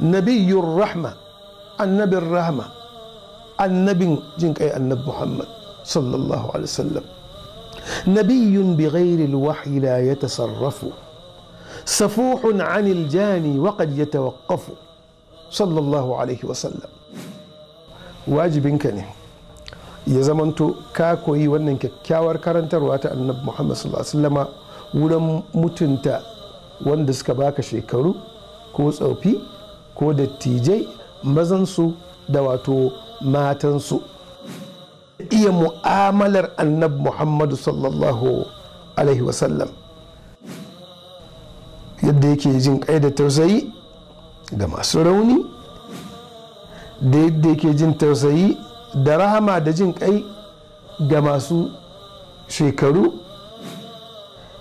نبي الرحمة النبي الرحمة النبي جنك أي النبي محمد صلى الله عليه وسلم نبي بغير الوحي لا يتصرف سفوح عن الجاني وقد يتوقف صلى الله عليه وسلم واجب كنه يا زمان تو كاكوي وننك كاور كارنتر واتا النبي محمد صلى الله عليه وسلم ولم متنتا وندس باكا شيكرو كوز او بي ko dattijai mazansu da wato matansu iya mu'amalar annabi muhammadu sallallahu alaihi wasallam yadda yake jin kai da tausayi ga masu rauni da yadda yake jin tausayi da rahama da jin kai ga masu shekaru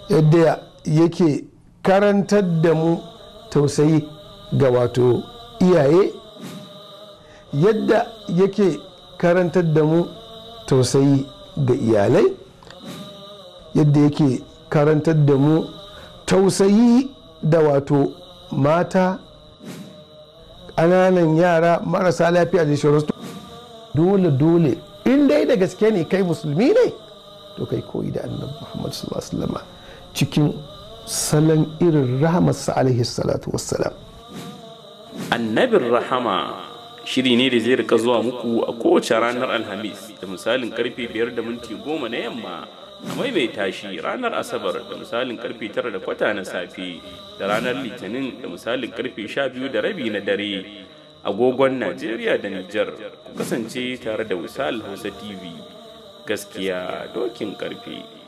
yadda yake karantar da mu tausayi ga wato iyaye yadda yake karantar da mu tausayi ga iyalai yadda yake karantar da mu tausayi da wato mata ƙananan yara marasa lafiya da shirin dole dole in dai da gaske ne kai musulmi ne to kai koyi da annabi muhammad sallallahu alaihi cikin salon irin rahamarsa alaihi salatu wassalam annabin rahama shiri ne da zai rika zuwa muku a kowace ranar alhamis da misalin karfe 5 da minti 10 na yamma a mai tashi ranar asabar da misalin karfe 9 da kwata na safe da ranar litinin da misalin karfe 12 da rabi na dare agogon najeriya da nijar ku kasance tare da wisal hausa tv gaskiya dokin karfe